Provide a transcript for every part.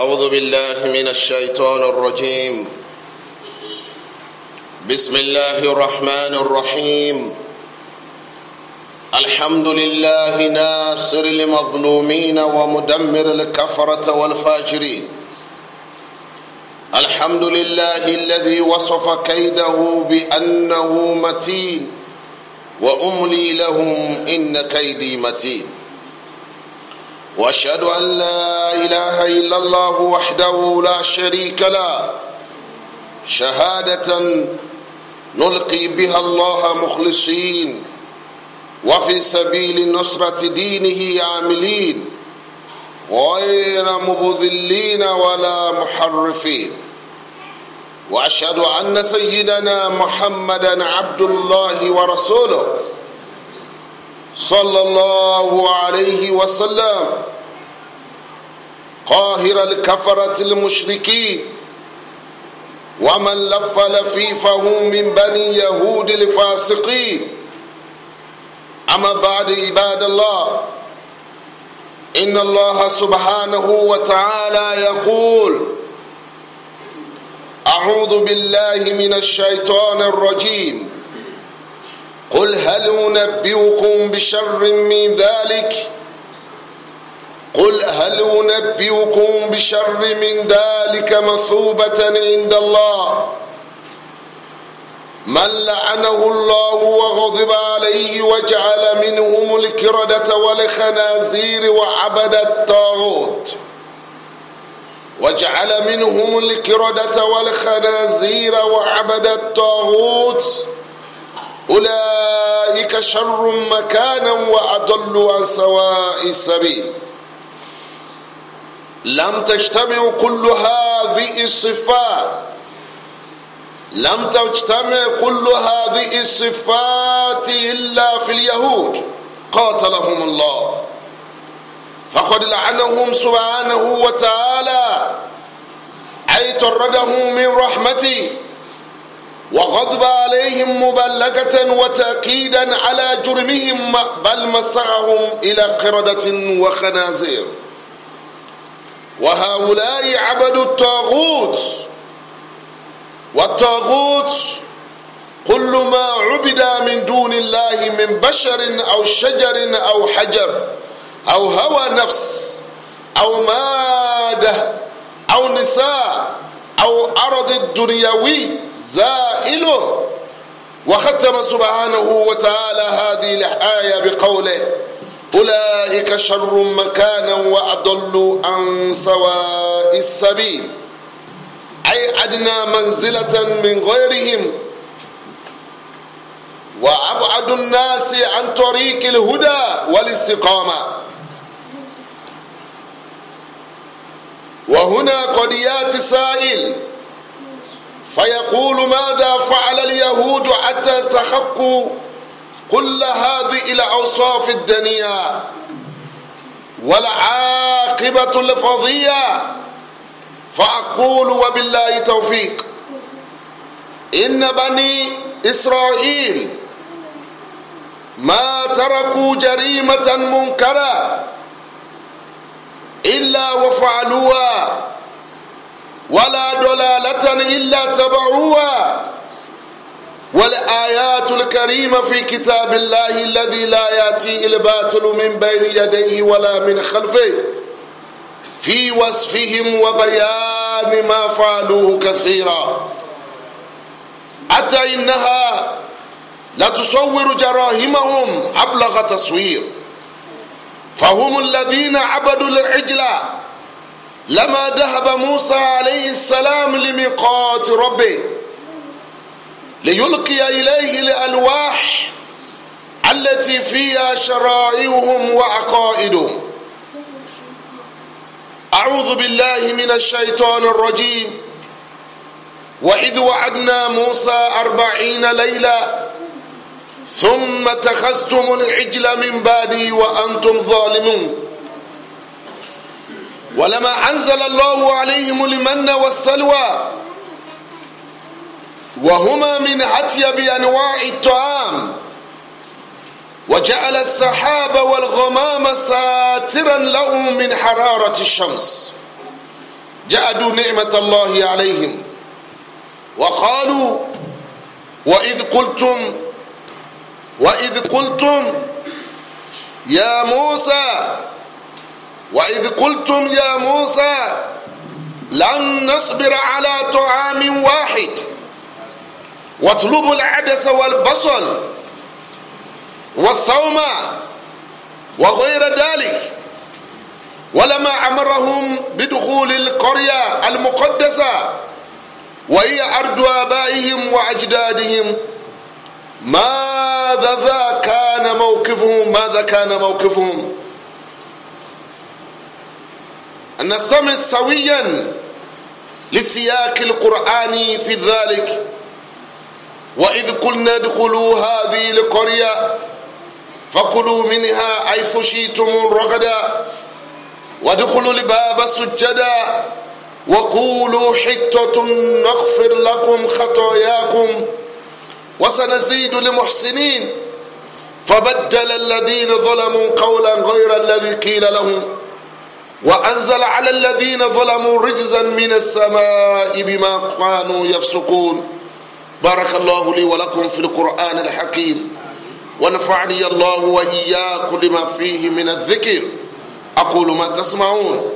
أعوذ بالله من الشيطان الرجيم بسم الله الرحمن الرحيم الحمد لله ناصر المظلومين ومدمر الكفرة والفاجرين الحمد لله الذي وصف كيده بأنه متين وأملي لهم إن كيدي متين واشهد ان لا اله الا الله وحده لا شريك له شهاده نلقي بها الله مخلصين وفي سبيل نصره دينه عاملين غير مبذلين ولا محرفين واشهد ان سيدنا محمدا عبد الله ورسوله صلى الله عليه وسلم قاهر الكفرة المشركين ومن لف لفيفه من بني يهود الفاسقين أما بعد عباد الله إن الله سبحانه وتعالى يقول أعوذ بالله من الشيطان الرجيم قل هل أنبئكم بشر من ذلك قل هل أنبئكم بشر من ذلك مثوبة عند الله من لعنه الله وغضب عليه وجعل منهم الكردة والخنازير وعبد الطاغوت وجعل منهم الكردة والخنازير وعبد الطاغوت أولئك شر مكانا وأضل عن سواء السبيل لم تجتمع كل هذه الصفات لم تجتمع كل هذه الصفات إلا في اليهود قاتلهم الله فقد لعنهم سبحانه وتعالى أي طردهم من رحمته وغضب عليهم مبلغة وتأكيدا على جرمهم بل مسعهم إلى قردة وخنازير وهؤلاء عبدوا الطاغوت والطاغوت كل ما عبد من دون الله من بشر أو شجر أو حجر أو هوى نفس أو مادة أو نساء أو أرض الدنيوي زائل وختم سبحانه وتعالى هذه الآية بقوله أولئك شر مكانا وأضل عن سواء السبيل أي أدنى منزلة من غيرهم وأبعد الناس عن طريق الهدى والاستقامة وهنا قد ياتي سائل فيقول ماذا فعل اليهود حتى استحقوا كل هذه إلى أوصاف الدنيا والعاقبة الفظيعة فأقول وبالله توفيق إن بني إسرائيل ما تركوا جريمة منكرة إلا وفعلوها ولا ضلالة إلا تبعوها والآيات الكريمة في كتاب الله الذي لا يأتي الباطل من بين يديه ولا من خلفه في وصفهم وبيان ما فعلوه كثيرا حتى إنها لا تصور جراهمهم أبلغ تصوير فهم الذين عبدوا العجلة لما ذهب موسى عليه السلام لميقات ربه ليلقي إليه الألواح التي فيها شرائعهم وعقائدهم أعوذ بالله من الشيطان الرجيم وإذ وعدنا موسى أربعين ليلة ثم اتخذتم العجل من بعدي وأنتم ظالمون ولما أنزل الله عليهم المن والسلوى وهما من أطيب أنواع الطعام وجعل السحاب والغمام ساترا لهم من حرارة الشمس جعلوا نعمة الله عليهم وقالوا وإذ قلتم وإذ قلتم يا موسى وإذ قلتم يا موسى لن نصبر على طعام واحد واطلب العدس والبصل والثوم وغير ذلك ولما أمرهم بدخول القرية المقدسة وهي أرض آبائهم وأجدادهم ماذا كان موقفهم ماذا كان موقفهم أن نستمع سويا لسياق القرآن في ذلك وإذ قلنا ادخلوا هذه القرية فكلوا منها حيث شئتم رغدا وادخلوا الباب سجدا وقولوا حتة نغفر لكم خطاياكم وسنزيد المحسنين فبدل الذين ظلموا قولا غير الذي قيل لهم وأنزل على الذين ظلموا رجزا من السماء بما كانوا يفسقون بارك الله لي ولكم في القرآن الحكيم ونفعني الله وإياكم لما فيه من الذكر أقول ما تسمعون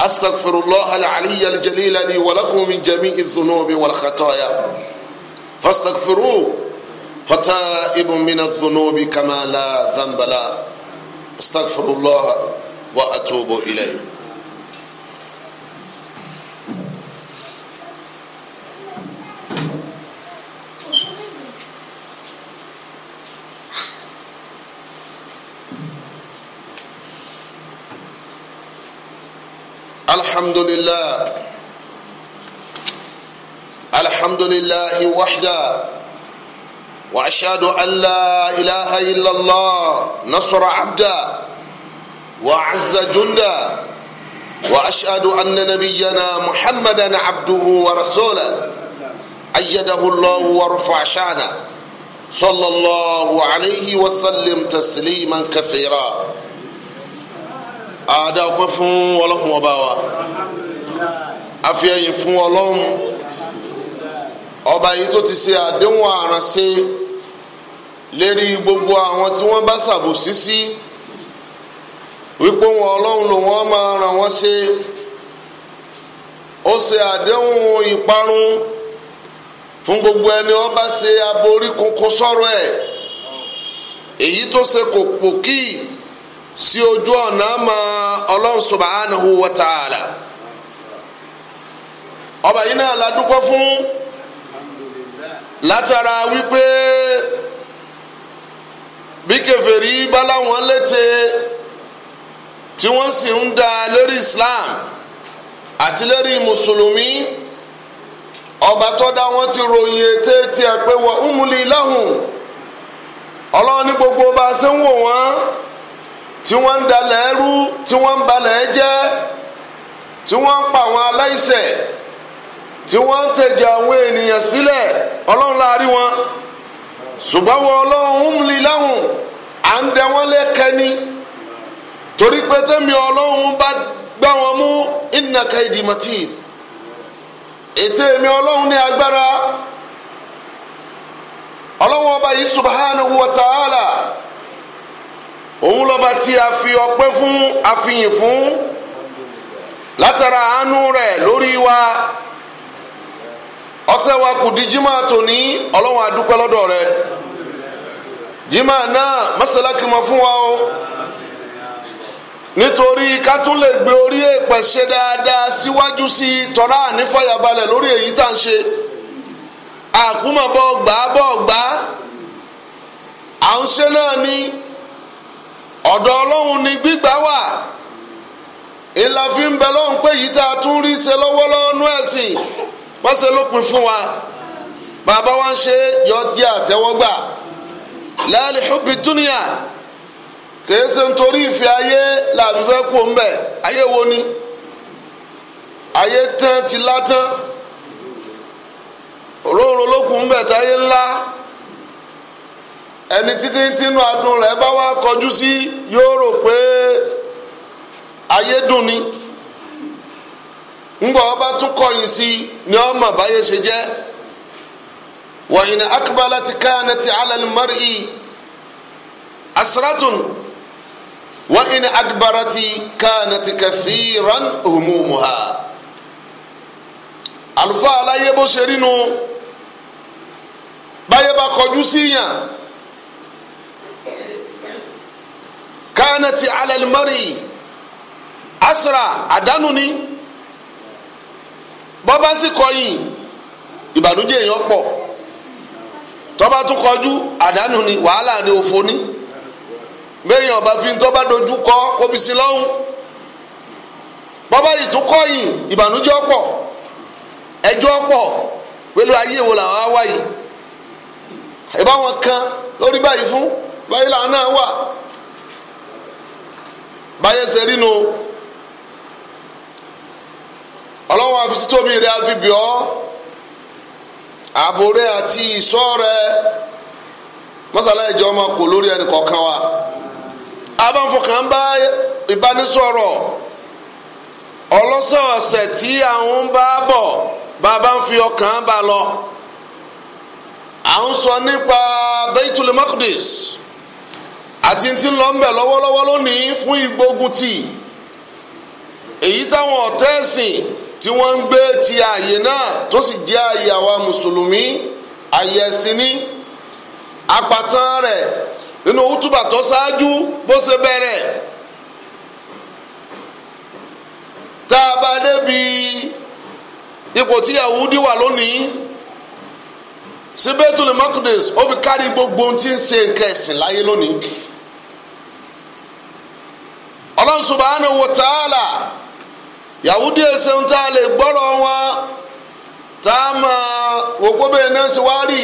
أستغفر الله العلي الجليل لي ولكم من جميع الذنوب والخطايا فاستغفروه فتائب من الذنوب كما لا ذنب له استغفر الله وأتوب إليه الحمد لله الحمد لله وحده واشهد ان لا اله الا الله نصر عبده وعز جندا واشهد ان نبينا محمدا عبده ورسوله ايده الله ورفع شانه صلى الله عليه وسلم تسليما كثيرا ada ọpẹ́ fún Ọlọ́run ọba wa àfihàn fún Ọlọ́run ọba yìí tó ti ṣe àdéhùn àránṣe lérí gbogbo àwọn tí wọn bá ṣàbòsí sí. Si wípé wọn ọlọ́run ló wọn máa ràn wọ́n ṣe ó ṣe àdéhùn ìparun fún gbogbo ẹni ó bá ṣe aborí kunkun sọ̀rọ̀ ẹ̀ èyí tó ṣe kò pòkì sí ojú ọ̀nà àmọ́ ọlọ́run subhanahu wa ta'ala ọba yìí náà fún látara wípé bí bá láwọn létè. tí wọ́n sì ń dá lórí Islam àti lórí mùsùlùmí ọba tó dá wọn ti ròyìn ètè tiẹ̀ pé wọ́n umuli lahum ọlọ́run ní gbogbo bá a ṣe ń wò wọ́n tí wọ́n ń dalẹ̀ ẹrú tí wọ́n ń balẹ̀ jẹ́ tí wọ́n ń pa àwọn aláìṣẹ̀ tí wọ́n ń tẹ̀jẹ̀ àwọn ènìyàn sílẹ̀ ọlọ́run láàrin wọn ṣùgbọ́n wọ́n ọlọ́run umuli lahum à ń dẹ wọ́n lẹ́kẹ́ ni. torí pé tẹ́mi ọlọ́run bá gbá wọn mú ìnàka ìdìmọ̀tì ètè mi ọlọ́run ní agbára ọlọ́run ọba yìí subhanahu wa ta'ala òun lọ́ba tí a fi ọpẹ́ fún àfihàn fún látara àánú rẹ̀ lórí wa ọ̀sẹ̀ wa kù di jimá tòní ọlọ́run a lọ́dọ̀ rẹ̀ jimá náà mọ́sálá kìí mọ́ fún wa o. nítorí ká tún lè gbé orí èèpẹ̀ ṣe dáadáa síwájú sí i tọ́ra ànífàyàbalẹ̀ lórí èyí tá à ń ṣe àkúmọ̀bọ̀ gbà bọ̀ gbà à ń ṣe náà ni ọ̀dọ̀ ọlọ́run ni gbígbà wà ìlà fi ń bẹ lọ́hùn pé èyí tá a tún rí ṣe lọ́wọ́lọ́wọ́ nú ẹ̀sìn wọ́n ṣe lópin fún wa bàbá wa ń ṣe yọjẹ́ àtẹ́wọ́gbà láàlì hubbi kèése nítorí ìfẹ́ ayé làbí fẹ́ kú mbẹ́ ayé wo ni ayé tán ti látán òróǹro ló kù mbẹ́ táyé ńlá ẹni títí tínú adùn rẹ̀ bá wá kọjú sí yóò rò pé ayé dùn ni ńgbà ọba tún kọyìn sí ni ọmọ báyé ṣe jẹ́ wọ̀nyí ni akbalat ti ala al-mar'i asratun. wa in adbarati kanati kathiran humumuha àlùfáà aláyé bó ṣe rí nu báyé bá kọjú síyàn kanati ala al-mari asra àdánù ni bọ́bá sì kọyìn ìbànújẹ́ èèyàn pọ̀ tọ́ba tún kọjú àdánù ni wàhálà ni òfò ni. bẹ́ẹ̀ ọba fi ń bá dojú kọ́ kó fi sí lọ́hùn bọ́bá yìí tún kọ́ yìí ìbànújẹ́ ọ̀pọ̀ ẹjọ́ ọ̀pọ̀ pẹ̀lú ayé wo làwọn á wá yìí ìbáwọn kan lórí báyìí fún báyìí làwọn náà wà báyìí ṣe rí nu ọlọ́wọ́n àfisí tóbi rẹ̀ àfibì ọ́ ààbò rẹ̀ àti ìṣọ́ rẹ̀ mọ́sálá ìjọ ọmọ kò lórí ẹnì kọ̀ọ̀kan wa. abáfọkàn bá ìbánisọ̀rọ̀ ọlọ́sọ̀ọ̀sẹ̀ tí àwọn ń bá bọ̀ bàbá ń fi ọkàn bá lọ à ń sọ nípa Baitul Maqdis àti ti ń lọ ń bẹ̀ lọ́wọ́lọ́wọ́ lónìí fún ìgbógun tì èyí táwọn ọ̀tá ẹ̀sìn tí wọ́n ń gbé ti ààyè náà tó sì jẹ́ ààyè àwa mùsùlùmí ààyè ẹ̀sìn ní apàtàn rẹ̀ nínú òtúbà tó ṣáájú bó ṣe bẹ̀rẹ̀ tá a bá débi ipò tí Yahudi wà lónìí sí Baitul Maqdis ó fi kárí gbogbo ohun tí ń ṣe nǹkan ẹ̀sìn láyé lónìí ọlọ́run subhanahu wa ta'ala Yahudi ẹsẹ̀ ń tá a lè gbọ́rọ̀ wọn tá a máa wò kó bẹ́ẹ̀ náà ṣe wá rí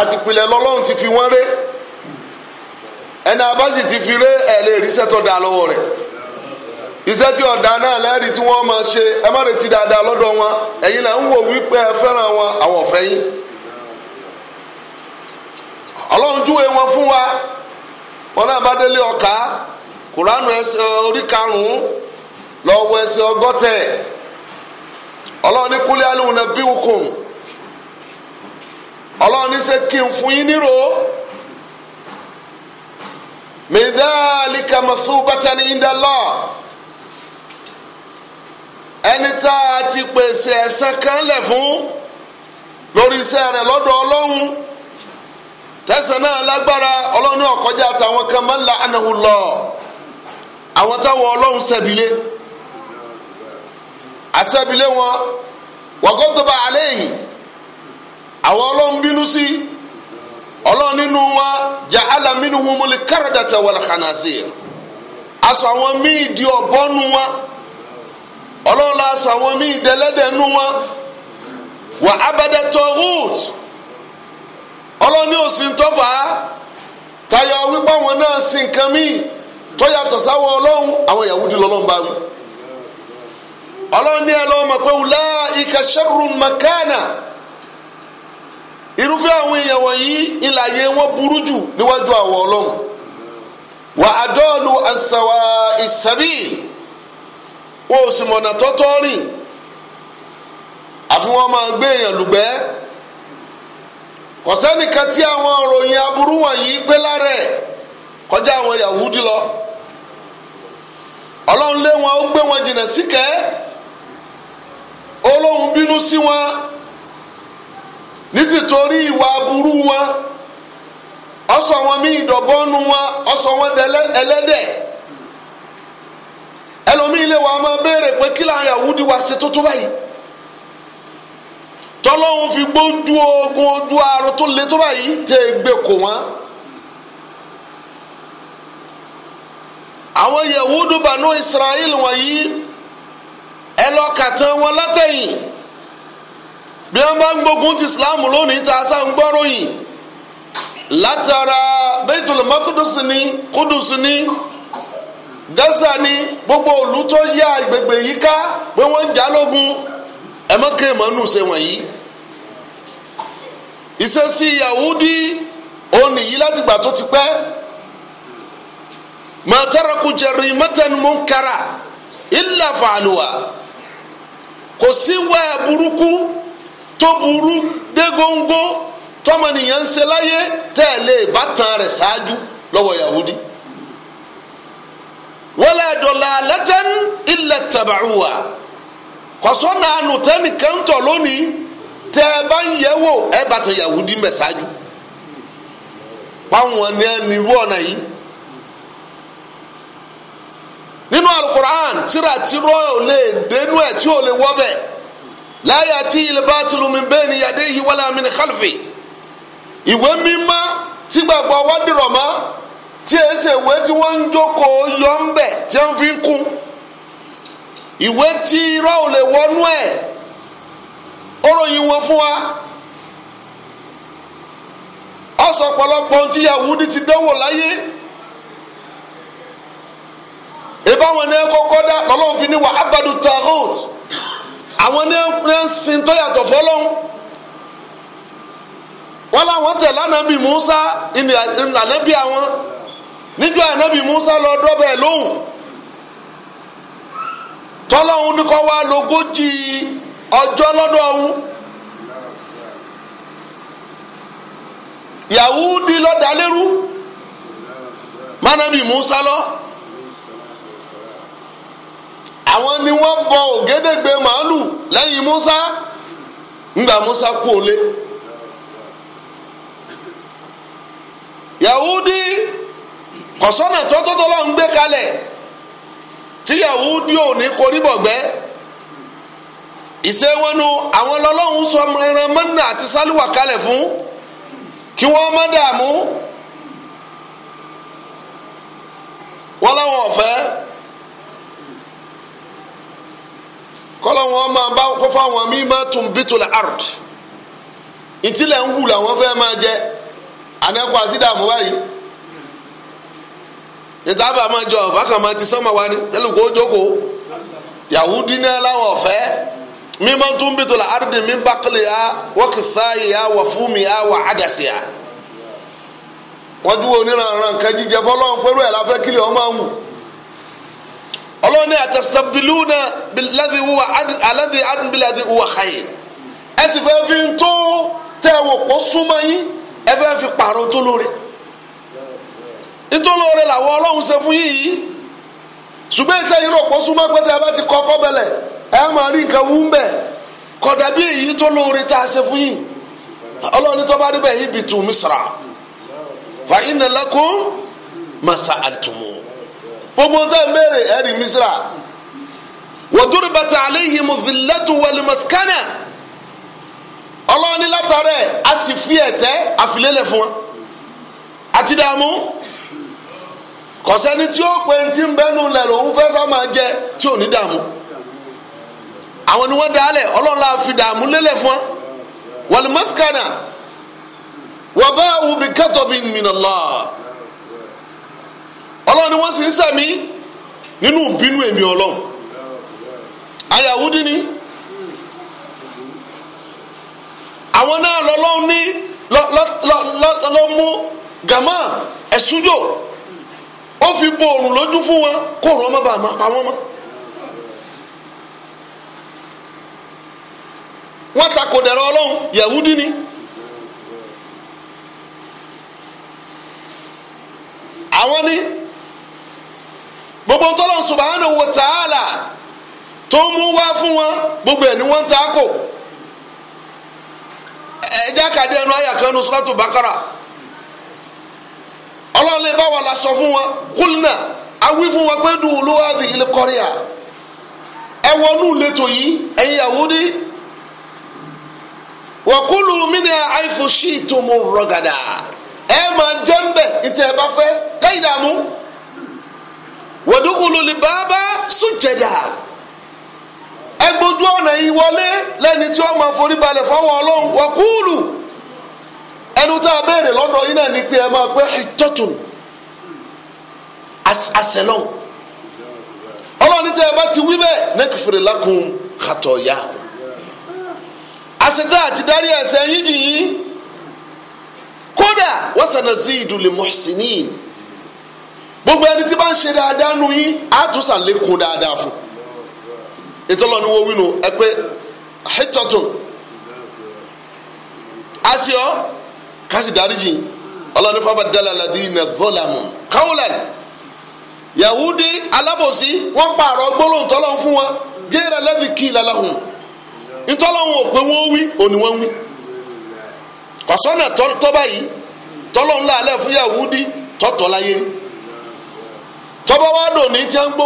àtìpìlẹ̀ lọ́lọ́run ti fi wọ́n ré. ẹni abasi ti fi ré ẹ lè rí iṣẹ́ tó da lọ́wọ́ rẹ̀ iṣẹ́ tí ọ̀dà náà lẹ́rìí tí wọ́n máa ṣe ẹ má retí dáadáa lọ́dọ̀ wọn ẹ̀yin là ń wò wípé ẹ fẹ́ràn wọn àwọn ọ̀fẹ́ yín ọlọ́run júwe wọn fún wa wọn náà bá délé ọ̀ka kuranu ẹsẹ̀ orí karùn-ún lọ́wọ́ ẹsẹ̀ ọgọ́tẹ̀ ọlọ́run ní kúlẹ̀ alùpùpù ọlọ́run ní min dhalika masubatan inda Allah ẹni tá a ti pèsè ẹ̀san kan lẹ̀ fún lórí iṣẹ́ rẹ̀ lọ́dọ̀ ọlọ́run tẹ̀sán náà lágbára ọlọ́run ọ̀kọ́jà àtàwọn kan máa ń la anahu lọ àwọn táwọn ọlọ́run ṣẹ̀bílé àṣẹ̀bílé wọn wọ́n kọ́ tó bá àlẹ́ yìí àwọn ọlọ́run bínú sí i. ọlọ́run nínú wa ja'ala minhumul qiradata wal khanazir aṣọ àwọn míì di ọ̀bọ nu wa ọlọ́run la aṣọ àwọn míì dẹlẹ́dẹ̀ nu wa wà abada tawhut ọlọ́run ní òsín tó fà tayọ wípé àwọn náà sin míì tó sáwọ ọlọ́run àwọn Yahudi lọ́lọ́run bá wí ọlọ́run ní ẹ lọ́wọ́ mọ̀ pé wùlá ika sharrun irúfẹ́ àwọn èèyàn wọ̀nyí ìlàyé wọn burú jù níwájú àwọn ọlọ́run wà á dọ́ọ̀lù àṣàwà ìsàbíl wọn sì mọ̀nà tọ́tọ́ rìn àfi wọn máa gbé èèyàn lùgbẹ́ kò tí àwọn òròyìn aburú wọ̀nyí gbé lára ẹ̀ kọjá àwọn Yahudi lọ ọlọ́run lé wọn ó gbé wọn jìnnà síkẹ́ bínú sí wọn. nítìtorí ìwà aburú wọn ọsọ wọn mí ìdọ̀bọ́nu wọn ọsọ wọn ẹlẹ́dẹ̀ ẹlòmíì lè wà máa béèrè pé kí làwọn Yahudi wá ṣe tó tó báyìí tọ́lọ́hún fi gbójú ogun ojú arun tó le tó báyìí tẹ́ ẹ gbé kò wọ́n. àwọn Yahudu bànú Israel wọ̀nyí ẹ wọn bí wọn bá ń gbógun ti islam lónìí tá a sá ń gbọ́ròyìn látara Maqdis ni Kudus ni Gaza ni gbogbo òlú tó yá agbègbè yìí ká pé wọ́n ń jà lógun ẹ má ké mọ́nù ṣe wọ̀nyí. ìṣesí Yahudi òun nìyí láti gbà tó ti pẹ́ ma taraku jarimatan munkara illa fa'aluha kò sí wẹ́ẹ̀ burúkú. tó burú dé góńgó tọmọnìyàn ń ṣe láyé tẹ̀lé ìbátan rẹ̀ ṣáájú lọ́wọ́ yahudi wala dalalatan illa tabauwa kọ̀sọ́nà ànùtẹ́nìkan tọ̀ lónìí tẹ́ ẹ bá ń yẹ wò yahudi ń ṣáájú báwọn ní ọ̀nà yìí nínú alukur'an tíra tí rọ́ọ̀ lè dénú ẹ̀ tí ò la yati ilbatilu min bayni yadayhi wala min khalfi ìwé mímá tí gbàgbọ́ wa tí e ṣe ìwé tí wọ́n ń jókòó yọ ń bẹ̀ tí wọ́n fi ń kún ìwé tí irọ́ ò lè wọnú ẹ̀ ó ròyìn wọn fún wa ó sọ pọlọpọ ti dánwò láyé ìbáwọn ní àwọn ní ń sin tó yàtọ̀ fọlọ́n wọn làwọn tẹ̀ lánàbì Musa ìnànàbì àwọn níjọ́ ànábì Musa lọ dọ́bẹ̀ lóhùn tọ́lọ́hún ní kọ́ wá lógójì ọjọ́ lọ́dọ̀ ọ̀hún Yahudi lọ́dàlérú mánàbì Musa lọ àwọn ni wọ́n bọ ògédègbè lẹ́yìn Musa ńgbà Musa kú olé Yahudi kọ̀sọ́nà tọ́tọ́tọ́ lọ́n gbé kalẹ̀ tí Yahudi ò ní koríbọ̀gbẹ́ ìṣe wọn àwọn lọ́lọ́hún sọ ẹran mọ́nà àti sálúwà kalẹ̀ fún kí wọ́n má dààmú wọ́n láwọn ọ̀fẹ́. kọ́lọ́ wọn máa bá kó fáwọn míì máa tún bítúlẹ̀ art ìtìlẹ̀ ń hù làwọn fẹ́ máa jẹ anẹ́kọ́ àsídàmú báyìí ìtàbà máa jọ ọ̀fà kan máa ti sánmà wá ní tẹ́lẹ̀kọ́ jókòó yahudi náà láwọn ọ̀fẹ́ mímọ́ tún bítúlẹ̀ art mi bákìlì ya wọ́kìsáyì ya wà fúnmi ya wà àdàsì ya wọ́n dúró oníranran kan jíjẹ fọlọ́n pẹ̀lú ẹ̀ la fẹ́ kílì ọ́ máa wù ọlọ́ni àtẹ̀sítẹ́bìdìlúnà aládé àdúgbìládé wà káyè ẹ sì fẹ́ fi tó tẹ́ wò kó súnmọ́ yín ẹ fẹ́ fi pààrọ̀ tó lóore nítorí lóore làwọn ọlọ́run ṣe fún yìí ṣùgbọ́n ìtẹ́ yìí rò kó súnmọ́ pẹ́tẹ́ ẹ bá ti kọ́kọ́ bẹ̀lẹ̀ ẹ máa rí nǹkan wú ń bẹ̀ kódà bí èyí tó lóore tá a ṣe fún yìí ọlọ́ni tó bá rí bẹ́ẹ̀ yìí bìtù mísírà fa gbogbo tẹ́ ń béèrè ẹ̀rí misra wàdúrìbàtà àléhìí mùsùlẹ́tù wẹ̀lú mọ̀síkánà ọlọ́ọ̀ni látàrẹ́ a sì fi ẹ̀tẹ́ àfilélẹ̀ fún wa àti dààmú kọ̀sẹ́ni tí ó pe ti ń bẹ́nu lẹ̀ lòun fẹ́ sá máa jẹ tí ò ní dààmú àwọn ni wọ́n dalẹ̀ ọlọ́ọ̀la fi dààmú lélẹ̀ fún wa wẹ̀lú mọ̀síkánà wàbáwù bí kẹ́tọ̀ bí mìnàlá. ọlọ́run ni wọ́n sì ń sẹ̀mí nínú bínú èmi ọlọ́run ayahudi ní àwọn náà lọ́lọ́run ní lọ́ mú gàmá ẹ̀súnjò ó fi bo lójú fún wọn kó ọmọ bàá pa wọ́n gbogbo ntọ́lọ́n subhanahu wa ta'ala tó mú fún wọn gbogbo ẹ̀ ni wọ́n ta kò ẹ̀já kàdé ẹnu àyà kan la fún wọn kúlínà awí fún wọn pé dùn ló wá di ilé kọ́ríà ẹ wọnú ìletò yìí mínà ẹ máa jẹ́ ń bẹ̀ ìtẹ̀ wọ́dúnkùlù lè bá bá sùjẹ̀dà ẹgbójú ọ̀nà yìí wọlé lẹ́ni tí wọ́n máa forí balẹ̀ fọwọ́ ọlọ́run wọ́kúùlù ẹnu tá a béèrè lọ́dọ̀ yìí náà ni pé ẹ máa ìjọ́tún ti wí bẹ́ẹ̀ nẹ́kìfèrè lákùn kàtọ̀ yá àṣetá àti dárí ẹ̀ṣẹ̀ yín kódà wọ́n sànà sí gbogbo ẹni tí bá ń ṣe dáadáa nu yín àtúnṣà lékun dáadáa fún ìtọ́lọ́ ni wọ́n wí nu ẹ pé hẹ́tọ́tún àṣìọ́ kásì dáríjì ọlọ́ni fábà dálà zọ́làmù yahudi alábòsí wọ́n pààrọ̀ gbólóhùn tọ́lọ́ fún wọn gẹ́rẹ́ lẹ́bi kí ìlàláhùn ìtọ́lọ́hùn ò pé wọ́n wí òní wọ́n wí tọ́ báyìí fún yahudi tọ́tọ́ láyé tọba wa ní a ń gbógun má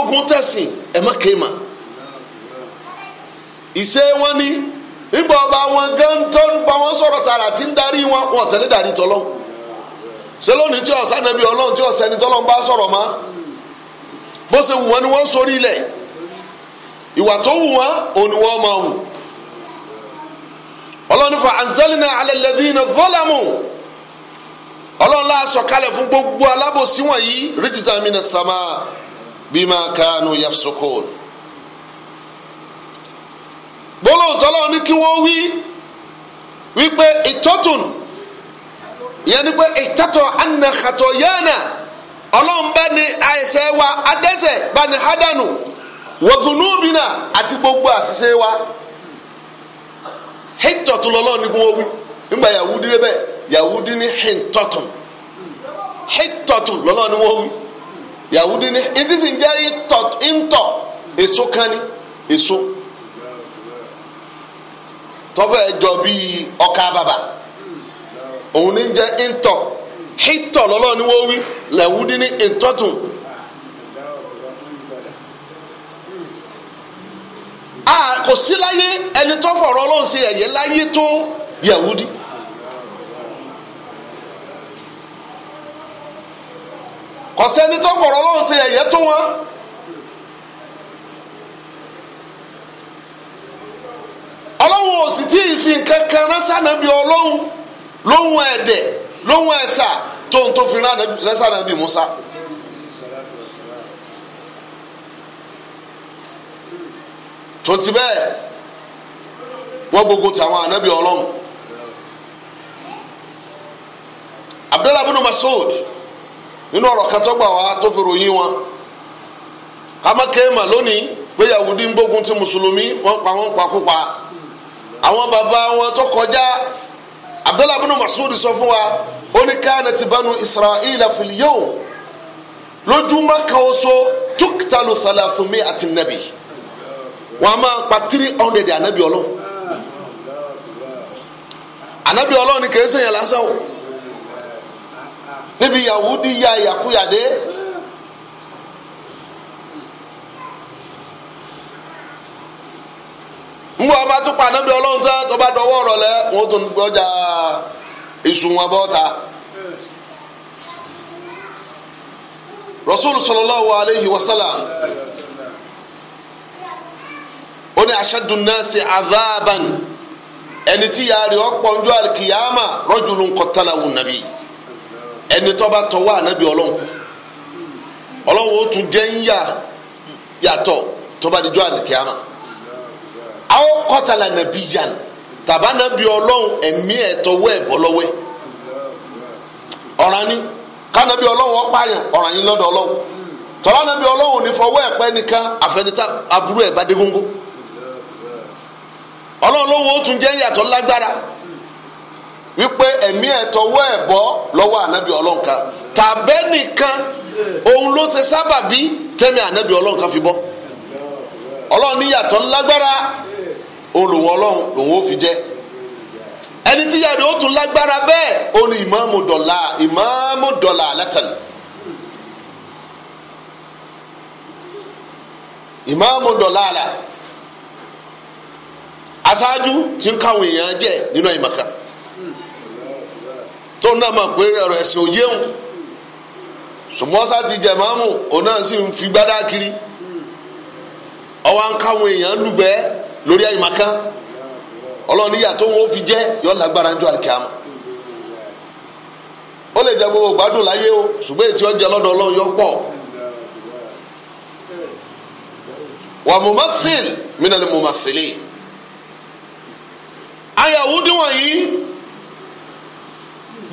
wọn ni nígbà ọba wọn gan tó ń bá wọn sọ̀rọ̀ tààrà tí ń darí wọn wọn ò darí lónìí tí ọ̀sán nàbí ọlọ́run tí ọ̀sán ni tọ́lọ́ ń bá sọ̀rọ̀ ma bó ṣe wù wọn ni wọ́n ìwà tó wù wọn òun ọlọ́run la sọ̀kalẹ̀ fún gbogbo alábòsí wọ̀nyí ríjìsà mina sàmà bímá kánú yafsukun gbólóòtọ́ lọ́wọ́ kí wọ́n wí wípé ìtọ́tùn ìyẹn ni pé ìtọ́tọ̀ anàkàtọ̀ yánà ọlọ́run bá ní wa adẹ́sẹ̀ bá ní hádànù wọ̀dùnúbìnà àti gbogbo àṣìṣe wa ni kí wọ́n wí nígbà yahudi ní hintotun hintotun lọ́nà ni wọ́n wí yahudi ní ìdí sì ń jẹ́ intọ̀ èso kan kani èso tọ́fẹ́ jọ bíi ọkà bàbà òun ní jẹ́ intọ̀ hintọ̀ lọ́nà ni wọ́n wí yahudi ní hintotun. a kò sí láyé ẹni tó fọ̀rọ̀ ọlọ́run sí ẹ̀yẹ láyé tó yahudi. Yeah, kọ̀sẹ́ni tó fọ̀rọ̀ ọlọ́run ṣe ẹ̀yẹ tó wọn. ọlọ́run ò sì tí ì fi nǹkan kan ránṣẹ́ ànábì ọlọ́run lóhun ẹ̀dẹ̀ lóhun ẹ̀sà tóun tó fi ránṣẹ́ ànábì Musa. tonti bẹ́ẹ̀ wọ́n gbogbo tàwọn ànábì ọlọ́run Abdullahi bin Mas'ud nínú ọ̀rọ̀ kan tó gbà wá tó fi ròyìn wọn amákẹ́mà lónìí pé Yahudi ń gbógun ti mùsùlùmí wọ́n pa wọ́n pa kópa àwọn bàbá wọn tó kọjá Abdullahi bin Mas'ud sọ fún wa ó ní káàna ti banu Isra'ila fil yawm lójúmọ́ kan oṣù tuktalu salasumi àti nabi wọ́n a máa pa three hundred anabi Ọlọ́run anabi Ọlọ́run ni kèé sèyàn lásán o níbi yahudi ya ìyàkuyàdé ń bọ́ ọba tún pa ànábì ọlọ́run tán tó bá dọwọ́ ọ̀rọ̀ lẹ wọ́n tún gbọ́jà èṣù wọn bọ́ ta. rasul sallallahu alayhi wa sallam ó ní ashaddu nasi adhaban ẹni tí yàrá ọ̀pọ̀ ọjọ́ alikiyama rajulun qatalahu nàbí. ẹni tó bá tọwọ́ ànábì ọlọ́run ọlọ́run ó tún jẹ́ ń yà yàtọ̀ tó bá dijọ́ àlìkíyàmá àwọn kọ́tàlá nàbí yàn tàbá nàbí ọlọ́run ẹ̀mí ẹ̀ tọwọ́ ọ̀ràn ni kánàbí ọlọ́run ọ̀ràn lọ́dọ̀ ọlọ́run tọ́lá nàbí ọlọ́run wípé ẹ̀mí ẹ̀tọ́wọ́ ẹ̀bọ́ lọ́wọ́ ànábì ọlọ́nkan tàbẹ́nìkan òun ló ṣe sábàbí tẹ́mi ànábì ọlọ́nkan fi bọ́ ọlọ́run níyàtọ̀ ńlágbára òun ọlọ́run lòun ó fi jẹ́ ẹni tíyà rẹ̀ ó lágbára ni ìmáàmù dọ̀là ìmáàmù dọ̀là látàn ìmáàmù dọ̀là àlà aṣáájú ti ń káwọn èèyàn jẹ nínú tóun náà mọ̀ pé ọ̀rọ̀ ẹ̀sìn ò ti jẹ̀ máàmù òun sì ń fi gbádá kiri ọwọ́ èèyàn lùgbẹ́ lórí àyìnmáká ọlọ́run ìyà tó ń fi jẹ yọ lágbára ń jọ ó lè jẹ gbogbo gbádùn láyé o ṣùgbọ́n ètí ọjà lọ́dọ̀ ọlọ́run yọ pọ̀ wà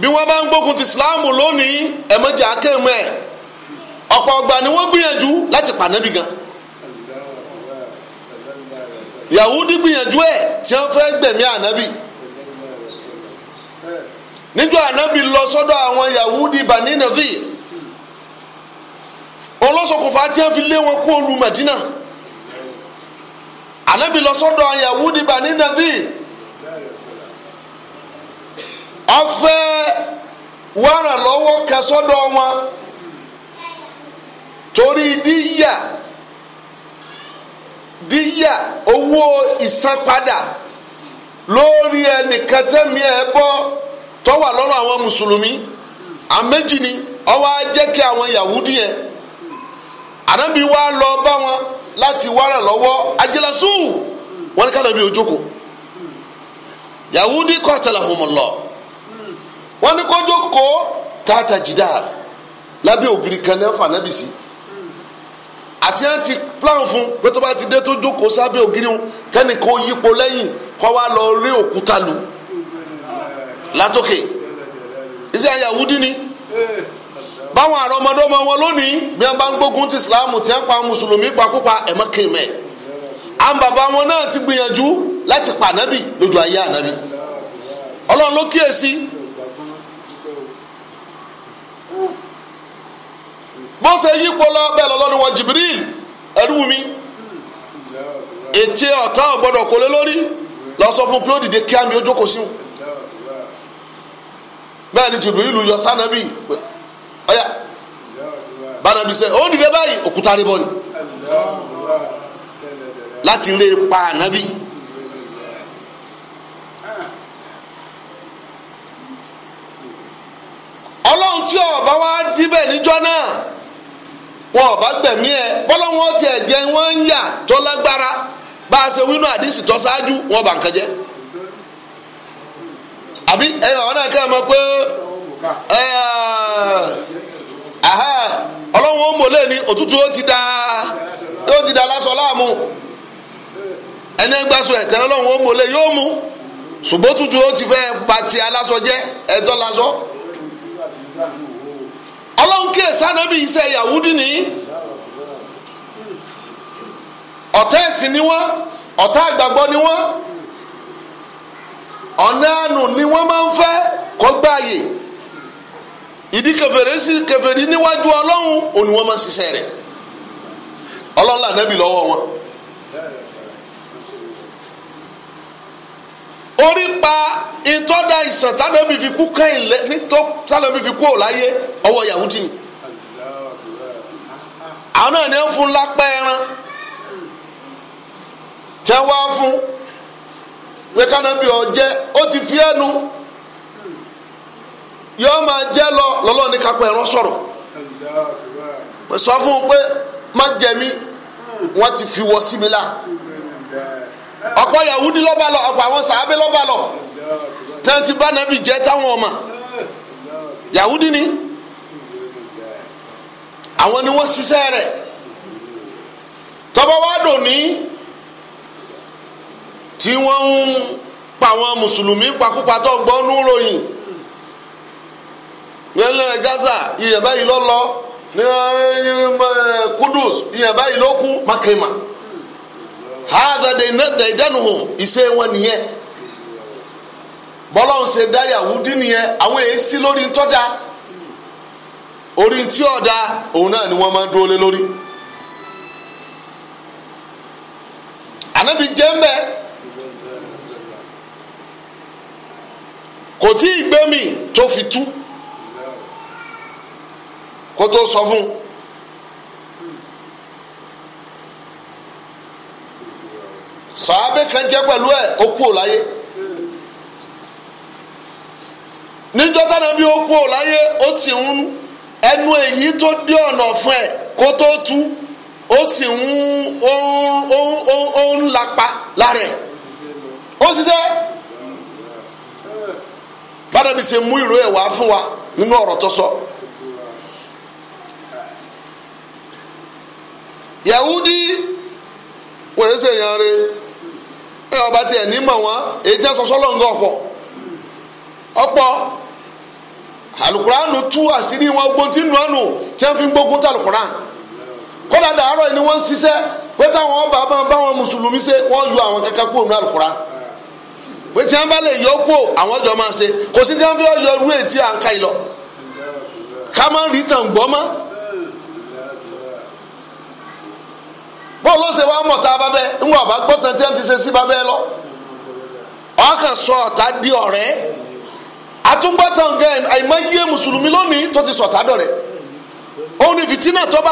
bí wọ́n bá ń gbógun ti islam lónìí ẹ̀mọ́jà akéwọ̀n ẹ̀ ọ̀pọ̀ ọgbà ni wọ́n gbìyànjú láti pa Ànábì gan Yahudi gbìyànjú ẹ̀ tí wọ́n fẹ́ gbẹ̀mí ànábì níjọ ànábì lọ sọ́dọ̀ àwọn Yahudi Bani Nadir olóṣokùnfà tí wọ́n fi lé wọn kú olú Madina ànábì lọ sọ́dọ̀ àwọn Yahudi Bani Nadir. ọfẹ́ wàrà lọwọ kan sọ́dọ̀ wọn torí díyà díyà owó ìsanpadà lórí ẹnìkan ẹ ẹ̀ bọ́ tọ́wà lọ́rùn àwọn mùsùlùmí àméjì ni ọwọ́ á jẹ́ kí àwọn yahudi yẹn ànábì wa lọ bá wọn láti wàrà lọwọ ajẹ́lẹ́sùn wọn ní kánàbí ojókòó yahudi kọ́ tẹ̀lé ọmọ lọ́ọ́. wọ́n ní kó jókòó tààtà jìdá lábẹ́ ògiri kan náà fà nábì sí àti ẹ ti plan fún pé tó bá ti dé tó jókòó sábẹ́ ògiri wọn kẹ́ni kó yípo lẹ́yìn kó wá lọ rí òkúta lù látòkè iṣẹ́ Yahudi ni báwọn àrọ ọmọdé ọmọ wọn lónìí bí wọn bá ń gbógun ti Islam tí wọn pa mùsùlùmí pakúpa ẹ̀mọ́ kéèmẹ̀ àwọn bàbá wọn náà ti gbìyànjú láti pa ànábì lójú ayé ànábì Ọlọ́run ló kíyèsí. bó ṣe yí pọlọ bẹ́ẹ̀ wọn Jibril ẹrú mi ètí ọ̀tá ọ̀gbọ́dọ̀ kólé lórí lọ sọ fún pé ó dìde kí àmì ojókòó sí wọn bẹ́ẹ̀ ni Jibril yọ sànàbí ọ̀yà bánàbí sẹ́ ó dìde báyìí òkúta rẹ bọ́ ni láti lè pa ànábì. ọlọ́run tí ọba wa díbẹ̀ níjọ́ náà. wọn ọba bá gbẹ̀mí ẹ bọ́lọ́wọ́n ti ẹ̀ jẹ́ wọn ń yà tó lágbára bá a ṣe wínú àdìsí tó ṣáájú wọn bá nǹkan àbí ẹ̀yìn wọn náà kẹ́ ẹ mọ̀ pé ọlọ́wọ́n ó ni òtútù ó ti da ó ti da lásán láàmú ẹni ọlọ́wọ́n ó yóò mú ṣùgbọ́n òtútù ó ti fẹ́ ọlọ́run kí èsì ànábì iṣẹ́ yahudi ní ọ̀tá ẹ̀sìn ni wọ́n ọ̀tá àgbàgbọ́ ni wọ́n ọ̀nà àánú ni wọ́n máa ń fẹ́ kó gbáàyè ìdí kèfèrí sí kèfèrí níwájú ọlọ́run òní wọ́n máa ń ṣiṣẹ́ rẹ̀ ọlọ́run là nábì lọ́wọ́ wọn. orí pa ìtọ́da ìsàn tálọ́bì fi kú kàn ilẹ̀ nítọ́ tálọ́bì fi kú ọ̀láyé ọwọ́ yahudi ni àwọn náà ní ń fún lápẹ́ ẹran tẹ́ wá fún pé kánábì ọ̀jẹ́ ó ti fi ẹnu yọ máa jẹ́ lọ lọ́lọ́ ní kápẹ́ ẹran sọ̀rọ̀ sọ fún un pé má jẹ mí wọ́n ti fi wọ́ sí mi lá. Hmm ọ̀pọ̀ yahudi lọ́ba lọ ọ̀pọ̀ àwọn sàábé lọ́ba lọ tán ti bá nàbì jẹ́ táwọn ọmọ yahudi ni àwọn ni wọ́n ṣiṣẹ́ rẹ̀ tọ́ba wá dò ní tí wọ́n ń pa àwọn mùsùlùmí pakúpa tó gbọ́ ní ròyìn nílẹ̀ Gaza ìyẹn báyìí lọ́lọ́ ní Kudus ìyẹn báyìí ló makema. mákèémà. hada daidanuhum iṣẹ́ wọn nìyẹn bọ́lọ́hún ṣe dá yahudi nìyẹn àwọn èyí niile lórí ntọ́da orí ntí ọ̀dà òun náà ni wọ́n máa ń dúró lé lórí. ànábì jẹ́ ń bẹ́ kò tí ì gbé mi tó fi tú kó tó sọ fún un. sàábé kan jẹ́ pẹ̀lú ẹ̀ ó kú ò láyé níjọ́ tánà bí ó kú ò láyé ó sì ń ẹnu èyí tó dé ọ̀nà fún ẹ kó tó tú ó sì ń ó ń lapa lára ẹ̀ ó ṣiṣẹ́ bàdà bí ṣe mú ìró ẹ̀ wá fún wa nínú ọ̀rọ̀ tó sọ. Yahudi wòye ẹ ọba tiẹ̀ ní mọ̀ wọ́n èyí tí wọ́n sọ sọ́lọ́ ńgọ́ ọ̀pọ̀ ọ̀pọ̀ alukuraanu tú àṣírí wọn gbóntì nùánù tí wọ́n fi gbógun tí alukuraan kọ́lá dàárọ̀ ni wọ́n ń ṣiṣẹ́ pé táwọn ọba máa bá wọn mùsùlùmí ṣe wọ́n yọ àwọn kankan kúrò ní alukuraan pé tí wọ́n bá lè yọ kúrò àwọn jọ máa ṣe kò sí tí wọ́n fi yọ irú èyí tí à ń ka yìí lọ ká má rí tàn gbọ́ mọ́ bọọlụ ó mọ̀ta bábẹ́ ńgbà ọ̀bá gbọ́tàn tí wọ́n ti lọ. sọ ọta di ọ̀rẹ́ àtúngbàtàn gan àìmọye mùsùlùmí lónìí tó ti sọta dọ̀rẹ́ òun ni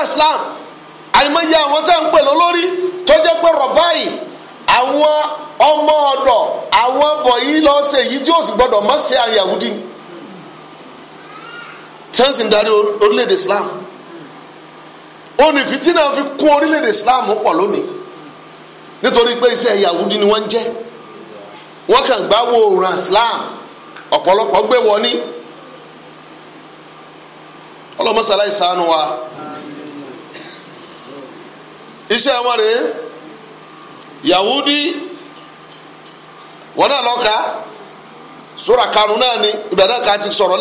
Islam àìmọye àwọn tá n pè lólórí tó jẹ́ pé rọ̀báì àwọn ọmọ ọ̀dọ̀ àwọn bọ̀yì lọ́ọ́ onífìtí náà fi kú orílẹ̀-èdè Islam pọ̀ lónìí nítorí pé iṣẹ́ Yahudi ni wọ́n ń jẹ́ wọ́n kàn gbá wo òòrùn Islam ọ̀pọ̀lọpọ̀ gbé ní ìsànù iṣẹ́ wọn Yahudi wọn náà lọ́ka sóra karùn náà ni ibẹ̀ náà ti sọ̀rọ̀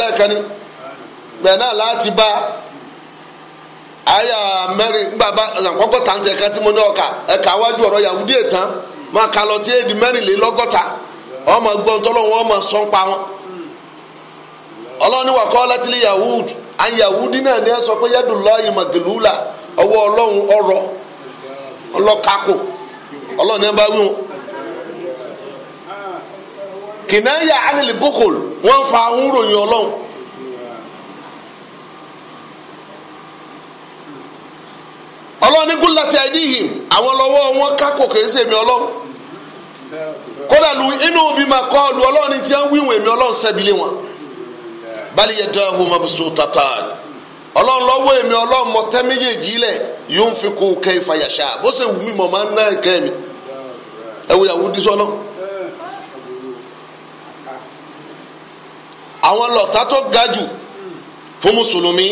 àyà mẹ́rin gbàgbà àkọ́kọ́ tà ń tẹ ẹ̀ka tí mo ní ọkà ẹ̀ka wájú ọ̀rọ̀ yahudi ẹ̀tàn e máa kà lọ tí ebi mẹ́rìnlélọ́gọ́ta ọmọ gbọ́n tọ́lọ́ wọn ọmọ sọ́n pa wọn. ọlọ́ni wà kọ́ látìlí yahud àwọn yahudi náà ní ẹ sọ pé yadullahi maglula ọwọ́ ọlọ́run ọrọ̀ ọlọ́kàkò ọlọ́ni ẹ bá wí wọn. kìnnìyà anil bukul wọn fa ahun ròyìn ọlọ́run ni gúnlá ti àwọn awọn wọn kákò kìí ṣe èmi kódà lu inú bí ma lu ọlọ́run ní tí wọ́n wíwọ̀n èmi ọlọ́run sẹ́bílẹ̀ wọn bali yẹ dán ahoma bisu tata ọlọ́run lọ́wọ́ èmi méjèèjì yóò fi kó ìfàyàṣà bó ṣe wù mí máa ń ná mi wo ìyàwó dísọ́ náà. àwọn lọ́tà tó ga jù fún mùsùlùmí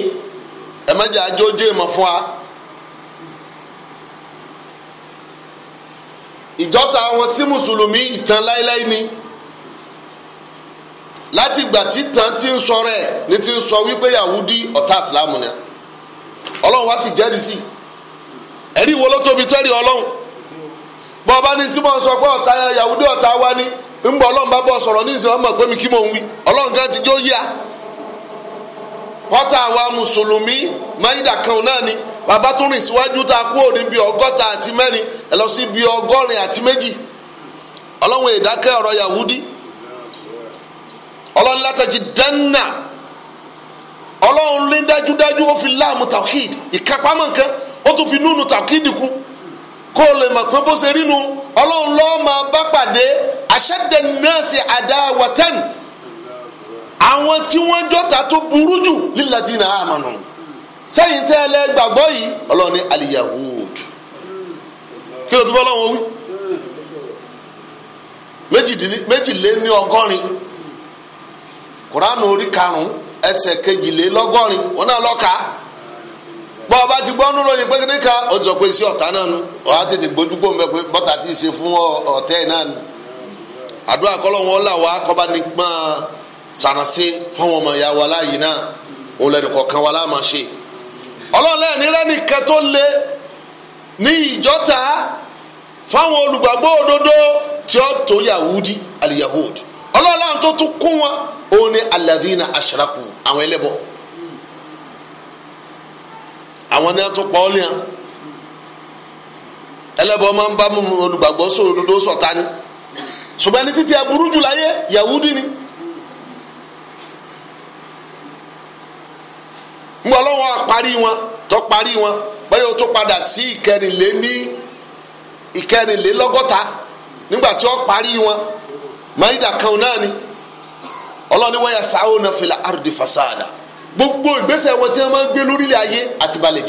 ẹ̀ ìjọta wọn sí mùsùlùmí ìtàn láíláí ni láti ìgbà tí ti ń sọ rẹ̀ ní ti ń sọ wípé yahudi ọ̀tá ìsìlámù ni ọlọ́run wá sì jẹ́rìí sí ẹ̀rí wo ló tóbi tẹ́rì ọlọ́run bọ́ ọba ní tí mo sọ pé ọ̀tá yahudi ọ̀tá wa ni ń bọ̀ mi kí mo ń wí ọlọ́run gan ti jó ọ̀tá wa kan náà bàbá tún rìn síwájú tá a kú òní bíi ọgọ́ta àti mẹ́rin ẹ lọ sí bíi ọgọ́rin àti méjì ọlọ́run ìdákẹ́ ọ̀rọ̀ Yahudi ọlọ́run látàjì dánà ọlọ́run ní dájúdájú ó fi láàmú tawhid ìkápámọ́ nǹkan ó tún fi núùnù tawhid kún kó o lè mọ̀ pé bó ṣe rínu ọlọ́run lọ́ọ́ máa bá pàdé aṣẹ́dẹ̀ náà ṣe àdáwọ̀tẹ́n àwọn tí wọ́n jọ́ta tó burú jù lílàdínà àmàlùmọ́. sẹ́yìn tẹ ẹ lẹ gbàgbọ́ yìí ọlọ́run ní aliyahud kí ló ti fọ́ ọlọ́run wí méjìléní ọgọ́rin kuranu orí karùn-ún ẹsẹ̀ wọn náà lọ́ka bọ́ ọba ti gbọ́ nínú òyìnbó ti sọ pé sí ti ṣe fún náà nu àdúrà wa ọlọ́ọ̀lẹ́ ní rẹ́nìkan tó le ní ìjọta fáwọn olùgbàgbọ́ òdodo tí ó tó yahudi aliyahud ọlọ́ọ̀lẹ́ tó tún kún wọn ní pa ọ́ lẹ́yìn ẹlẹ́bọ máa ń bá olùgbàgbọ́ òdodo sọ̀tá ni ṣùgbọ́n ní títí ni. mgbe lọ́wọ́ parí wọn tó parí wọn bẹ́ẹ̀ padà sí ìkẹrìnlé ní lọgọta nígbà tí wọn maida kan náà ni ọlọ́ni sáwọn náà ardi fasada gbogbo ìgbésẹ̀ wọn tí wọ́n máa ń gbé lórílẹ̀ ayé àti balẹ̀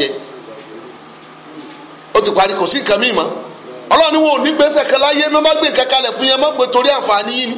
ti parí kò sí nǹkan mímọ́ ọlọ́ni wọn ò ní gbésẹ̀ kan láyé gbé fún yẹn torí àǹfààní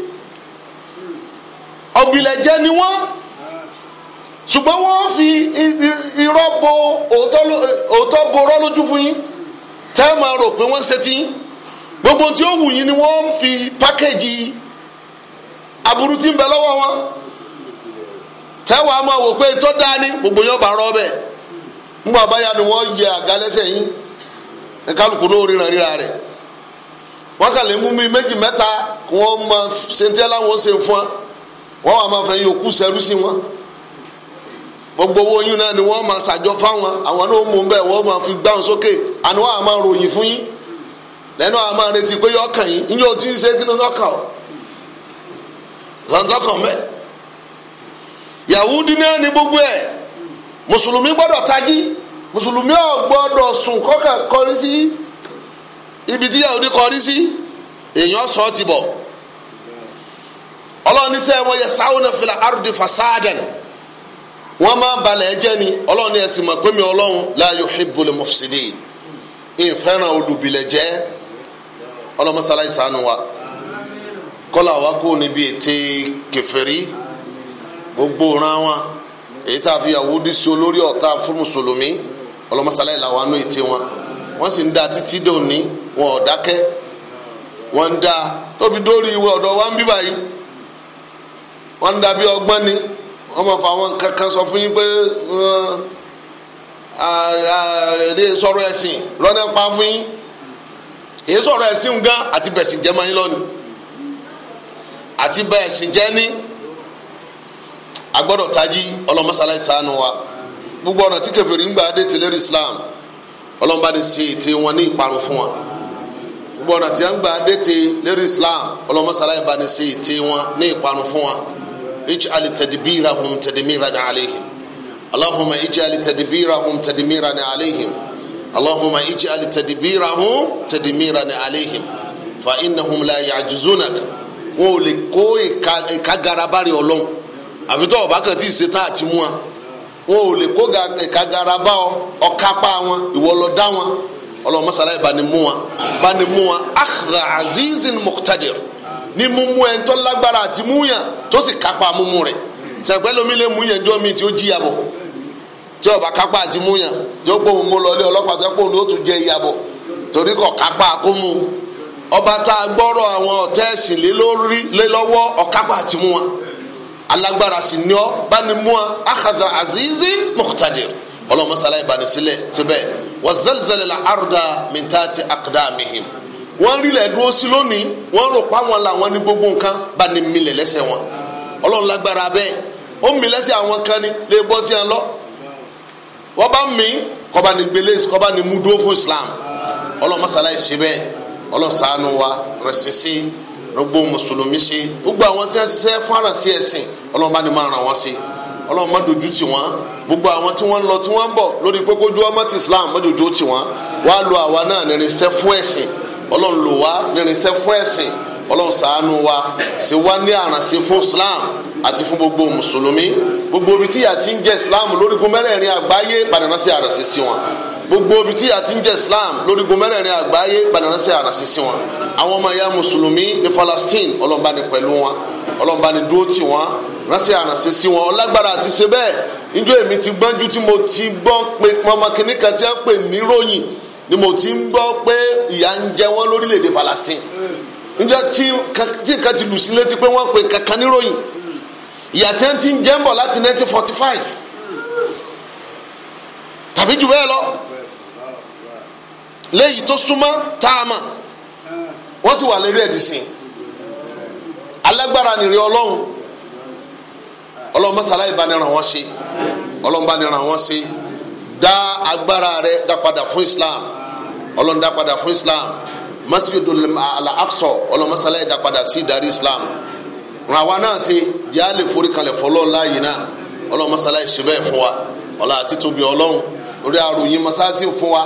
ọ̀bìlẹ̀jẹ́ ni wọ́n ṣùgbọ́n wọ́n fi irọ́ bo òótọ́ borọ́ lójú fún yín tẹ́ ẹ máa rò pé wọ́n ṣetí gbogbo tí ó wù yín ni wọ́n fi pákéjì aburú tí ń bẹ wọn tẹ́ wàá máa wò pé tó dáa ní gbogbo yóò bá rọ́ bẹ́ẹ̀ ńgbà báyà ni wọ́n yẹ àga lẹ́sẹ̀ yín kálukú ríran ríra rẹ̀ wọ́n kàn lè mú mi méjì fún wọ́n wà máa fẹ́ yòókù sẹ́rú sí wọn gbogbo owó yín náà ni wọ́n máa ṣàjọ fáwọn àwọn náà mú un bẹ́ẹ̀ wọ́n máa fi gbáhùn sókè àni wọ́n á máa ròyìn fún yín lẹ́nu àwọn máa retí pé yọ ọkàn yín níjọ́ tí ń ṣe kí ló ń ọkàn ọ́ lọ́ńdọ́kàn mẹ́ Yahudi náà ni gbogbo ẹ̀ mùsùlùmí gbọ́dọ̀ tají mùsùlùmí ò gbọ́dọ̀ sùn kọ́kàn kọrí sí ibi tí Yahudi kọrí sí èèyàn sọ ọ́ ti bọ̀. ọlọ́run níṣẹ́ wọn yẹ sáwọn fìlà ardi fasadan wọ́n máa balẹ̀ ẹjẹ́ ni ọlọ́run ní ẹ̀sìn mọ̀ pé mi ọlọ́run la yuhibbul mufsidin ìfẹ́ràn olùbìlẹ̀jẹ́ ọlọ́mọsálá ìsànù wa kọ́lá wa kó níbi ète kèfèrí gbogbo ran wọn èyí tá a fi Yahudi sí olórí ọ̀tá fún mùsùlùmí ọlọ́mọsálá ìlà wa nú ète wọn wọ́n sì ń da títí dòní wọn ò dákẹ́ wọ́n ń da tóbi dórí ìwé ọ̀dọ̀ wa ń bíbáyìí wọ́n ń dàbí ọgbọ́n ni wọ́n máa fa àwọn nǹkan kan sọ fún yín pé èdè sọ̀rọ̀ ẹ̀sìn lọ́nà pa fún yín èyí sọ̀rọ̀ ẹ̀sìn gan àti bẹ̀sìn jẹ́ mọ́ yín lọ́nu àti bẹ̀sìn jẹ́ ní agbọ́dọ̀ tají ọlọ́mọsálá ìsànù wa gbogbo ọ̀nà tí kèfèrí ń gbà dé tìlérí Islam ọlọ́mọba ni ṣe ète wọn ní ìparun fún wa gbogbo ọ̀nà tí wọ́n ń gbà dé tìlérí Islam ọlọ́mọsálá ìbá ni ṣe ète wọn ní ìparun fún wa. اجعل تدبيرهم تدميرا عليهم اللهم اجعل تدبيرهم تدميرا عليهم اللهم اجعل تدبيرهم تدميرا عليهم فإنهم لا يعجزونك wọn ò lè kó ìkagarabari ọlọ́run àfi tó ọba kan tí ì ṣetán àti mú wa wọn ò lè kó ìkagaraba ọkápá wọn ìwọ ló dá wọn ọlọ́run mọ́sálá ìbánimú wọn ìbánimú wọn akhdha azizin muqtadir ní mímú ẹni tó lágbára àti múyàn tó sì kápá mímú rẹ̀ sẹ̀pẹ́ lómi lè múyàn jọ́ mi tí ó jí yàbọ̀ tí ọba kápá àti múyàn tí ó gbóhùn mú lọlé ọlọ́pàá tó pọ̀ ní ó tún jẹ ìyàbọ̀ torí kọ̀ kápá kó mú ọba tá a gbọ́rọ̀ àwọn ọ̀tẹ́ ẹ̀sìn lé lórí lé lọ́wọ́ ọ̀kápá àti mú wọn sì ní ọ bá ní mú wọn akhadha azizi muqtadir ọlọ́mọsáláì bá ní sílẹ̀ síbẹ̀ arda min taati aqdamihim wọ́n rílẹ̀ dúró sí lónìí wọ́n rò pa wọn làwọn ní gbogbo nǹkan bá ní milẹ̀ lẹ́sẹ̀ wọn ọlọ́run lágbára bẹ́ẹ̀ ó mi lẹ́sẹ̀ àwọn kan ni lè bọ́ sí ẹ lọ wọ́n bá mi kọ́ba ní gbélé kọ́ba ní mú dúró fún Islam ọlọ́run masala yìí ṣe bẹ́ẹ̀ ọlọ́run ṣàánú wa rẹ̀ ṣiṣẹ́ gbogbo mùsùlùmí ṣe gbogbo àwọn tí wọ́n ṣiṣẹ́ fún àrà sí ẹ̀sìn ọlọ́run bá ní máa ràn wọ́n ṣe ọlọ́run má dojú tì wọ́n gbogbo àwọn tí wọ́n ń lọ tí wọ́n ń bọ̀ lórí pé kójú ọmọ ti Islam má dojú tì wọ́n wàá lo àwa náà nírìnsẹ́ fún ẹ̀sìn ọlọ́run lò wá nírinṣẹ́ fún ẹ̀sìn ọlọ́run ṣàánú wa ṣe wá ní àrànṣe fún islam àti fún gbogbo mùsùlùmí gbogbo ibi tí ìyà ti ń jẹ islam lórígun mẹ́rẹ̀ẹ̀rin àgbáyé bàdànà sí àrànṣe sí wọn gbogbo ibi tí ìyà ti ń jẹ islam lórígun mẹ́rẹ̀ẹ̀rin àgbáyé bàdànà sí sí wọn àwọn ọmọ ìyá mùsùlùmí ní Palestine ọlọ́run bá ní pẹ̀lú wọn ọlọ́run bá ní dúró tì wọ́n ránṣẹ́ àrànṣe sí wọn ọlágbára àti ṣe bẹ́ẹ̀ níjọ́ ni mo ti ń gbọ́ pé ìyà ń jẹ wọ́n lórílẹ̀‐èdè Palestine níjọ́ hmm. tí nǹkan ti lù sí létí pé wọ́n pe kankan níròyìn hmm. ìyà tí wọ́n ti ń jẹ́ ń bọ̀ láti 1945 hmm. tàbí jù bẹ́ẹ̀ lọ léyìí tó súnmọ́ tá a mọ̀ wọ́n sì wà lérí ẹ̀ dìsìn alágbára nìrí ọlọ́run ọlọ́run mọ́sálá ìbániràn wọn ṣe ọlọ́run wọn ṣe dá agbára rẹ dá padà fún Islam ọlọ́run dá padà fún islam masjidul al-aqsa ọlọ́mọsálá ẹ̀dá padà sí ìdarí islam ràn àwa náà ṣe yà á lè forí kalẹ̀ fọlọ́ láàyè náà ọlọ́mọsálá ẹ̀ṣẹ̀ bẹ́ẹ̀ fún wa ọlá àti tóbi ọlọ́run orí àròyìn masasi fún wa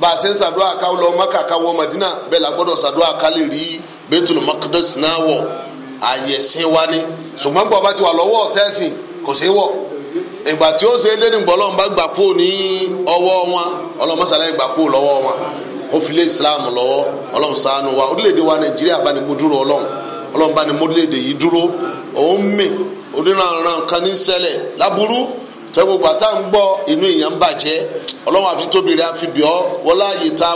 bá a ṣe ń ṣàdúrà ká lọ Mákà ká wọ Madina bẹ́ẹ̀ la gbọ́dọ̀ ṣàdúrà ká lè rí Baitul Maqdis náà wọ̀ àyẹ̀sìn wa ni ṣùgbọ́n gbọ́ bá ti wà lọ́wọ́ ọ̀tẹ́sìn kò ṣeé wọ̀ ìgbà tí ó ṣe léde ìgbọ́ ọlọ́run bá gbà kú ní ọwọ́ wọn ọlọ́run mọ́sálá gbà kú lọ́wọ́ wọn ó fi lé islam lọ́wọ́ wa orílẹ̀-èdè wa nàìjíríà bá ní mo dúró ọlọ́run ọlọ́run bá ní mo orílẹ̀-èdè yìí dúró òun mè onírànran kan ní ṣẹlẹ̀ láburú tẹ gbogbo àtà ń gbọ́ inú èèyàn ń bàjẹ́ ọlọ́run àfi tóbi rẹ̀ àfi bíọ́ wọlá tá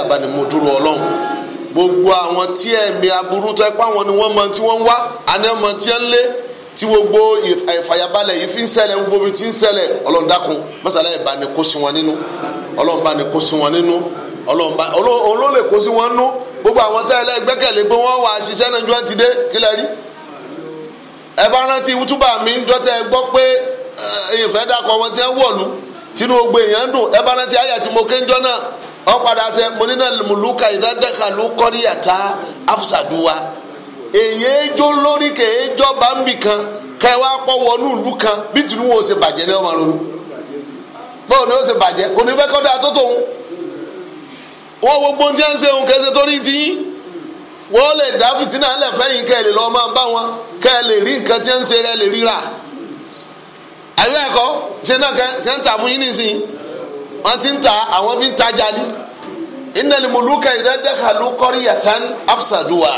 a gbogbo àwọn tí ẹ̀mí aburú tó ẹ pa wọn ni wọ́n mọ tí wọ́n ń wá àní ọmọ tí ń lé tí gbogbo ìfàyàbalẹ̀ yìí fi ń ṣẹlẹ̀ gbogbo ibi tí ń ṣẹlẹ̀ ọlọ́run dákun mọ́sálá ìbá ni kó sí wọn nínú ọlọ́run bá ni kó sí wọn nínú ọlọ́run bá olóòlè kó sí wọn nínú gbogbo àwọn tẹ́lẹ̀ gbẹ́kẹ̀lé pé wọ́n wà á ṣiṣẹ́ náà ju ẹ ti dé kílẹ̀ rí ẹ bá rántí wútúbà mi ń dọ́tẹ́ gbọ́ pé ìfẹ́ dàkọ̀ wọn ti ń wọ̀lú tinú gbogbo dùn ẹ bá rántí àyà mo ké náà ọ̀padà sẹ mọ̀nínà mùlùkà ìdádàkàlù kọ́ríyàtà afṣàdùwà èyí ejó lórí kẹ bambi kan kẹ wá pọ̀ kan bí wo ní ọmọ ronú báwo ni ó wọ́n gbogbo ń ti yín wọ́n lè dá fìtínà lẹ̀ fẹ́yìn kẹ́ ẹ lè wọn kẹ́ ẹ lè rí nǹkan tí ń rẹ lè ẹ̀kọ́ ṣe náà kẹ́ wọn ti ń ta àwọn fi ń tajà ní innal muluka idha dakhalu qaryatan afsaduha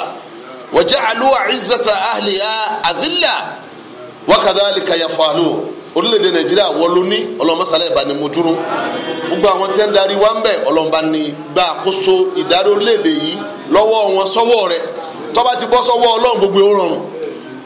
wa ja'alu 'izzata ahliha adhilla wa kadhalika orílẹ̀-èdè nàìjíríà wọlú ní ọlọ́mọsálẹ̀ ìbánimójúró gbogbo àwọn tí ń darí wa ń bẹ̀ ọlọ́mọbaní gba àkóso ìdarí orílẹ̀-èdè yìí lọ́wọ́ wọn sọ́wọ́ ti bọ́ sọ́wọ́ gbogbo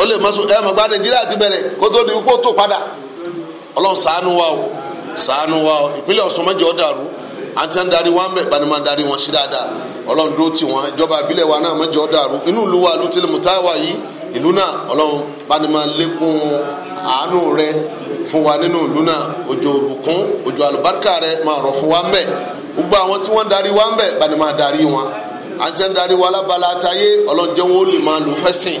ó lè mọ́sùn ẹ̀ mọ̀gbá nàìjíríà ti bẹ̀rẹ̀ kó tó di kó tó padà ọlọ́run ṣàánú wa o ṣàánú wa o ìpínlẹ̀ ọ̀sùn mọ́jọ dàrú àti à darí wọn bẹ̀ bani máa darí wọn sí dáadáa ọlọ́run dúró tì wọ́n ìjọba ìbílẹ̀ wa náà mọ́jọ dàrú inú ìlú wa ìlú tìlẹ̀mù táwa yìí ìlú náà ọlọ́run bani máa lékún àánú rẹ fún wa nínú ìlú náà òjò òbùkún òjò àlùbáríkà rẹ máa rọ̀ fún wa ń bẹ̀ gbogbo àwọn tí wọ́n darí wa ń bẹ̀ bani máa darí wọn àti à darí wa lábala àtayé ọlọ́run jẹ́ wọn ó lè máa lò fẹ́sìn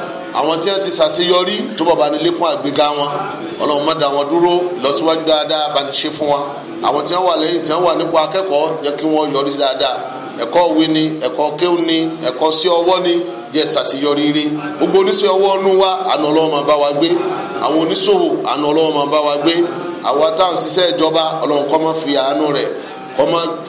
àwọn tí wọ́n ti ṣàṣeyọrí tó bàbá ní lékún àgbéga wọn ọlọ́run má dá wọn dúró lọ́síwájú dáadáa bá ní ṣe fún wa àwọn tí wọ́n wà lẹ́yìn tí wọ́n wà nípò akẹ́kọ̀ọ́ jẹ́ kí wọ́n yọrí dáadáa ẹ̀kọ́ òwe ni ẹ̀kọ́ kéwù ni ẹ̀kọ́ sí ọwọ́ ni jẹ́ ṣàṣeyọrí rí gbogbo oníṣẹ́ ọwọ́ ọ̀nù wa àna ọlọ́run máa bá wa gbé àwọn oníṣòwò àna ọlọ́run máa bá wa gbé àwa táwọn ṣiṣẹ́ ìjọba ọlọ́run kó máa fi àánú rẹ̀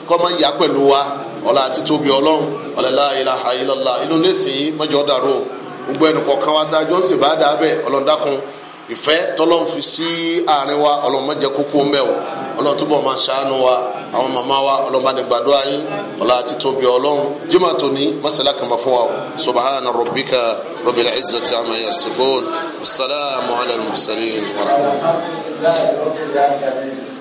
kó máa yà pẹ̀lú wa ọlá àti tóbi ọlọ́run ọ̀lẹ́lá ilaha illallah ìlú lẹ́sìn yìí mọ́jọ́ dàrú o gbogbo ẹnì kọ̀ọ̀kan wa tá a jọ ń sèbá dà bẹ́ẹ̀ ọlọ́ndàkùn ìfẹ́ tọ́lọ́n fi sí àárín wa ọlọ́mọ jẹ́ kókó ń bẹ̀ o ọlọ́run túbọ̀ máa ṣàánú wa àwọn màmá wa ọlọ́mọ ní gbàdúrà àti tóbi ọlọ́run jimá tóní masala kama fún wa o subahana rabbika rabbil izzati amma yasifun wasalaamu ala al-mursalin wa rahmatulah.